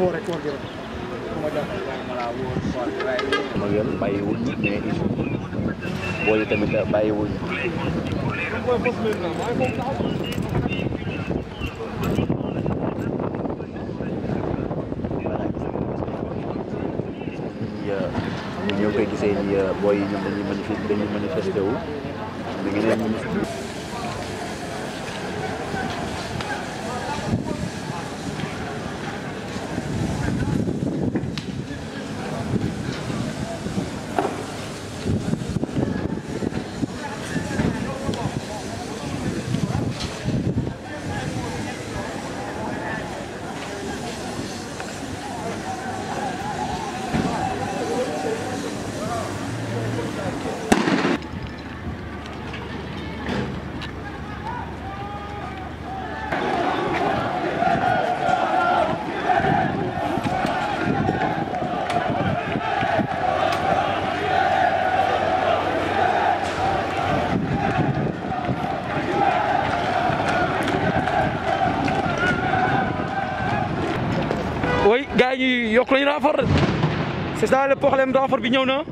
wóor rek wóor gën bàyyiwul mais boo yi tamit bàyyiwul. ñoo koy gisee ni booy yi ñoom dañuy manifester dañuy manifester wu gars yi ñuy yokk nañu renfort c'est ça le problème renfort bi ñëw na.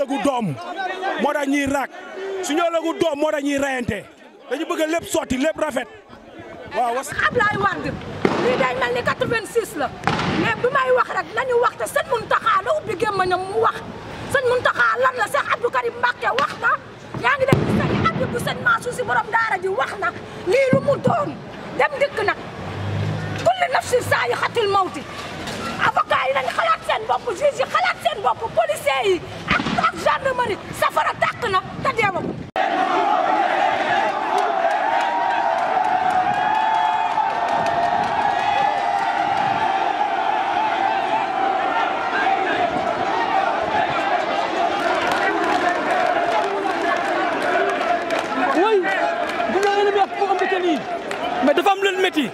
ëllëgu doom moo tax ñuy raak suñu ëllëgu doom moo tax ñuy rayante dañu bëgg lépp sotti lépp rafet waaw. Ablaye Wade lii day mel ni 86 la mais bi may wax rek nañu wax te sëñ Mountakha la ubbi gémmañam mu wax sëñ Mountakha lan la Cheikh Abdou Karim Mbacké wax yaa ngi def gis nga Abdou bu sëñ Mansour si borom daara ji wax na lii lu mu doon dem dikk nag kulli nafsin saa'iqatul mawti avocat yi nañu xalaat seen bopp juge yi xalaat seen bopp ak gendarmerie safara tàkk na te deema ko mais dafa am lu métti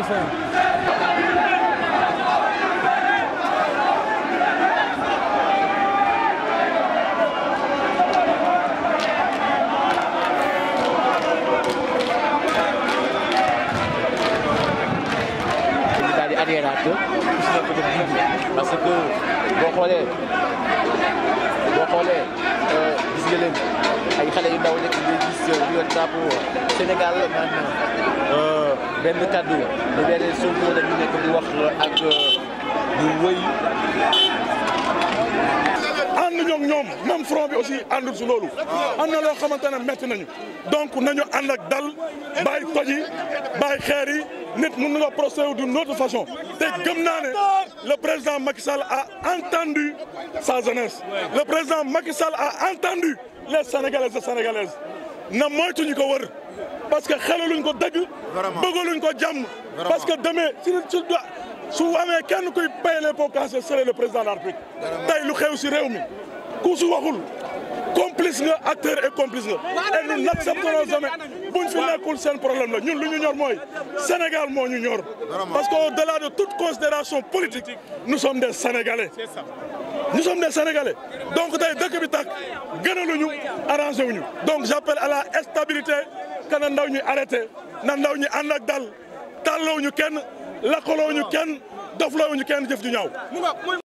ndeysaan parce que boo xoolee boo xoolee eh, gis nga leen ay xale yu ndaw nekk nga gis ñu yor drapeau Sénégal man eh, benn kàddu bu dee ne Sonko dañu nekk di wax ak euh, du wëy. ànd ñoom ñoom même front bi aussi àndul si loolu. am na loo xamante ne métti nañu. donc nañu ànd ak dal bàyyi toj yi bàyyi xeer yi nit mën nga procéder d'une façon te gëm le président Macky Sall a entendu sa jeunesse. le président Macky Sall a entendu les Sénégalaises et Sénégalaises. na moytuñu ko wër parce que xelaluñ ko dëgg. bëggaluñ ko jàmm. parce que deme si su su amee kenn kuy paye les pots cassés c'est le président de la République. lu xew si réew mi ku su waxul complice nga acteur et complice nga. et nous n'accepterons jamais buñ fi nekkul seen problème la ñun lu ñu ñor mooy Sénégal moo ñu ñor. parce que au delà de toute considération politique nous sommes des Sénégalais. nous sommes des Sénégalais donc tey dëkk bi tàkk gënaluñu arrangé wuñu donc j'appelle à la stabilité que na ndaw ñu arrêté na ndaw ñu ànd ak dal tàllawuñu kenn lakkalowuñu kenn doflawuñu kenn jëf ju ñaaw